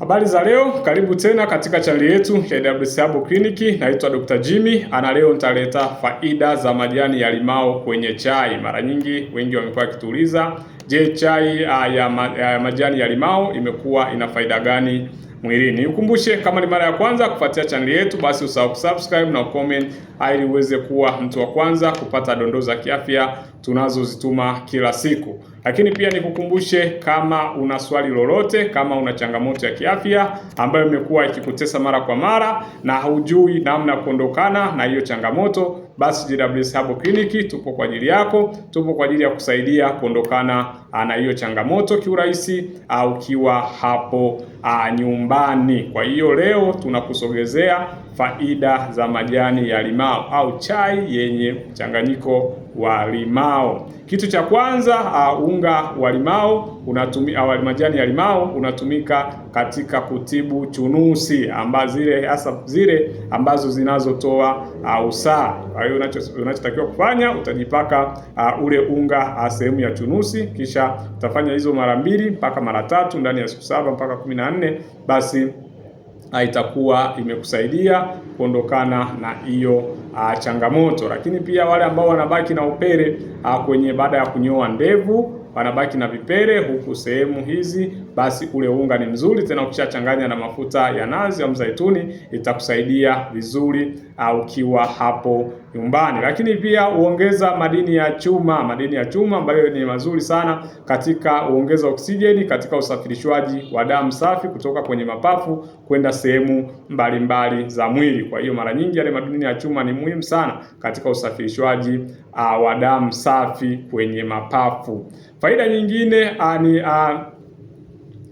Habari za leo, karibu tena katika chaneli yetu ya WC Herbal Clinic. Naitwa Dr. Jimmy, ana leo nitaleta faida za majani ya limao kwenye chai. Mara nyingi wengi wamekuwa wakituuliza, je, chai ah, ya majani ya limao imekuwa ina faida gani mwilini. Nikukumbushe, kama ni mara ya kwanza kufuatia chaneli yetu, basi usahau kusubscribe na comment ili uweze kuwa mtu wa kwanza kupata dondoo za kiafya tunazozituma kila siku. Lakini pia nikukumbushe, kama una swali lolote, kama una changamoto ya kiafya ambayo imekuwa ikikutesa mara kwa mara na haujui namna ya kuondokana na hiyo changamoto basi JWS Herbal Clinic tupo kwa ajili yako, tupo kwa ajili ya kusaidia kuondokana ah, na hiyo changamoto kiurahisi, ah, ukiwa hapo a, ah, nyumbani. Kwa hiyo leo tunakusogezea faida za majani ya limao au chai yenye mchanganyiko wa limao. Kitu cha kwanza uh, unga wa limao unatumia uh, majani ya limao unatumika katika kutibu chunusi ambazo zile hasa zile ambazo zinazotoa uh, usaa. Kwa hiyo unachotakiwa kufanya utajipaka uh, ule unga uh, sehemu ya chunusi, kisha utafanya hizo mara mbili mpaka mara tatu ndani ya siku saba mpaka kumi na nne basi itakuwa imekusaidia kuondokana na hiyo ah, changamoto. Lakini pia wale ambao wanabaki na upele ah, kwenye baada ya kunyoa ndevu wanabaki na vipele huku sehemu hizi, basi ule unga ni mzuri tena, ukishachanganya na mafuta ya nazi au mzaituni itakusaidia vizuri ah, ukiwa hapo nyumbani. Lakini pia huongeza madini ya chuma, madini ya chuma ambayo ni mazuri sana katika huongeza oksijeni katika usafirishwaji wa damu safi kutoka kwenye mapafu kwenda sehemu mbalimbali za mwili. Kwa hiyo mara nyingi yale madini ya chuma ni muhimu sana katika usafirishwaji ah, wa damu safi kwenye mapafu. Faida nyingine a, ah, ni a, ah,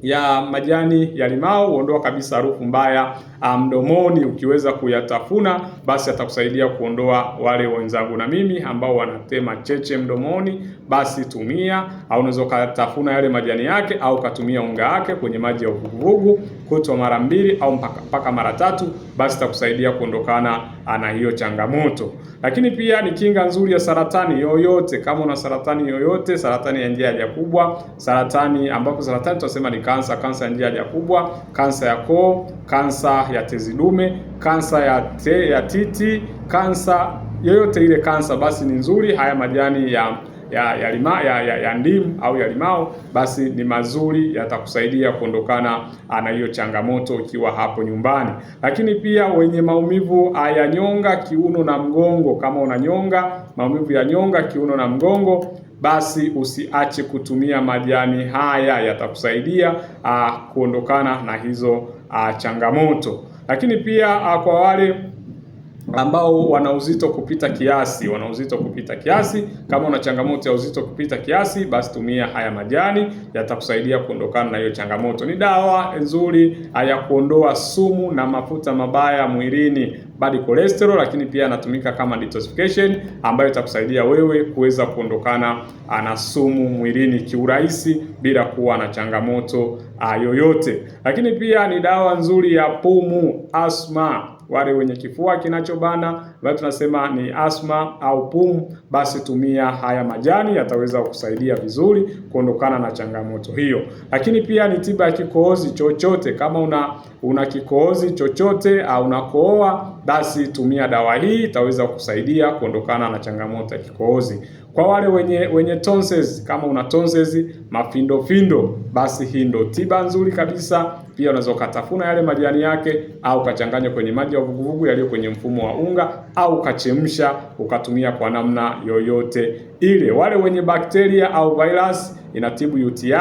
ya majani ya limao huondoa kabisa harufu mbaya Ah, mdomoni, ukiweza kuyatafuna basi atakusaidia kuondoa wale wenzangu na mimi ambao wanatema cheche mdomoni, basi tumia au unaweza ukatafuna yale majani yake au ukatumia unga wake kwenye maji ya uvuguvugu kutwa mara mbili au mpaka, mpaka mara tatu, basi itakusaidia kuondokana ah, na hiyo changamoto. Lakini pia ni kinga nzuri ya saratani yoyote. Kama una saratani yoyote, saratani ya njia ya haja kubwa, saratani ambapo saratani tunasema ni kansa, kansa ya njia ya haja kubwa, kansa ya koo, kansa ya tezi dume, kansa ya, te, ya titi, kansa yoyote ile kansa, basi ni nzuri. Haya majani ya ya ya, lima, ya, ya, ya ndimu au ya limao basi ni mazuri, yatakusaidia kuondokana na hiyo changamoto ukiwa hapo nyumbani. Lakini pia wenye maumivu ya nyonga, kiuno na mgongo, kama una nyonga, maumivu ya nyonga, kiuno na mgongo basi usiache kutumia majani haya, yatakusaidia ah, kuondokana na hizo uh, changamoto, lakini pia uh, kwa wale ambao wana uzito kupita kiasi, wana uzito kupita kiasi. Kama una changamoto ya uzito kupita kiasi, basi tumia haya majani, yatakusaidia kuondokana na hiyo changamoto. Ni dawa nzuri ah, ya kuondoa sumu na mafuta mabaya mwilini, badi cholesterol, lakini pia anatumika kama detoxification, ambayo itakusaidia wewe kuweza kuondokana na sumu mwilini kiurahisi bila kuwa na changamoto Ah, yoyote. Lakini pia ni dawa nzuri ya pumu, asma wale wenye kifua kinachobana ambayo tunasema ni asma au pumu, basi tumia haya majani, yataweza kusaidia vizuri kuondokana na changamoto hiyo. Lakini pia ni tiba ya kikohozi chochote. Kama una una kikohozi chochote au unakohoa, basi tumia dawa hii, itaweza kusaidia kuondokana na changamoto ya kikohozi. Kwa wale wenye wenye tonsils, kama una tonsils, mafindo findo, basi hii ndio tiba nzuri kabisa. Pia unaweza ukatafuna yale majani yake au ukachanganya kwenye maji ya vuguvugu yaliyo kwenye mfumo wa unga au ukachemsha ukatumia kwa namna yoyote ile. Wale wenye bakteria au virus inatibu UTI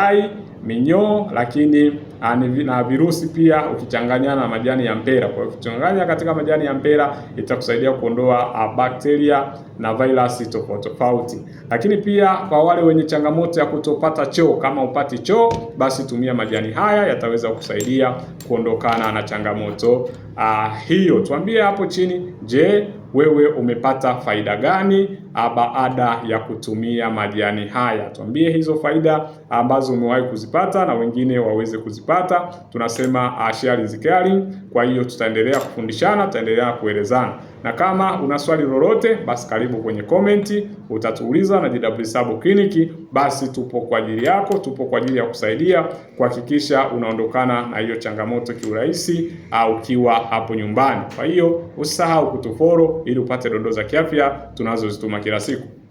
minyoo, lakini ah, na virusi pia ukichanganya na majani ya mpera. Kwa hiyo ukichanganya katika majani ya mpera itakusaidia kuondoa ah, bakteria na virusi tofauti tofauti. Lakini pia kwa wale wenye changamoto ya kutopata choo, kama upati choo, basi tumia majani haya yataweza kusaidia kuondokana na changamoto ah, hiyo. Tuambie hapo chini, je, wewe umepata faida gani? baada ya kutumia majani haya. Tuambie hizo faida ambazo umewahi kuzipata na wengine waweze kuzipata. Tunasema ah, sharing is caring. Kwa hiyo tutaendelea kufundishana, tutaendelea kuelezana, na kama una swali lolote, basi karibu kwenye komenti utatuuliza, na JW Sabo Clinic basi tupo kwa ajili yako, tupo kwa ajili ya kusaidia kuhakikisha unaondokana na hiyo changamoto kiurahisi au ah, ukiwa hapo nyumbani. Kwa hiyo usahau kutufollow ili upate dondoo za kiafya tunazozituma. Akira Seiko.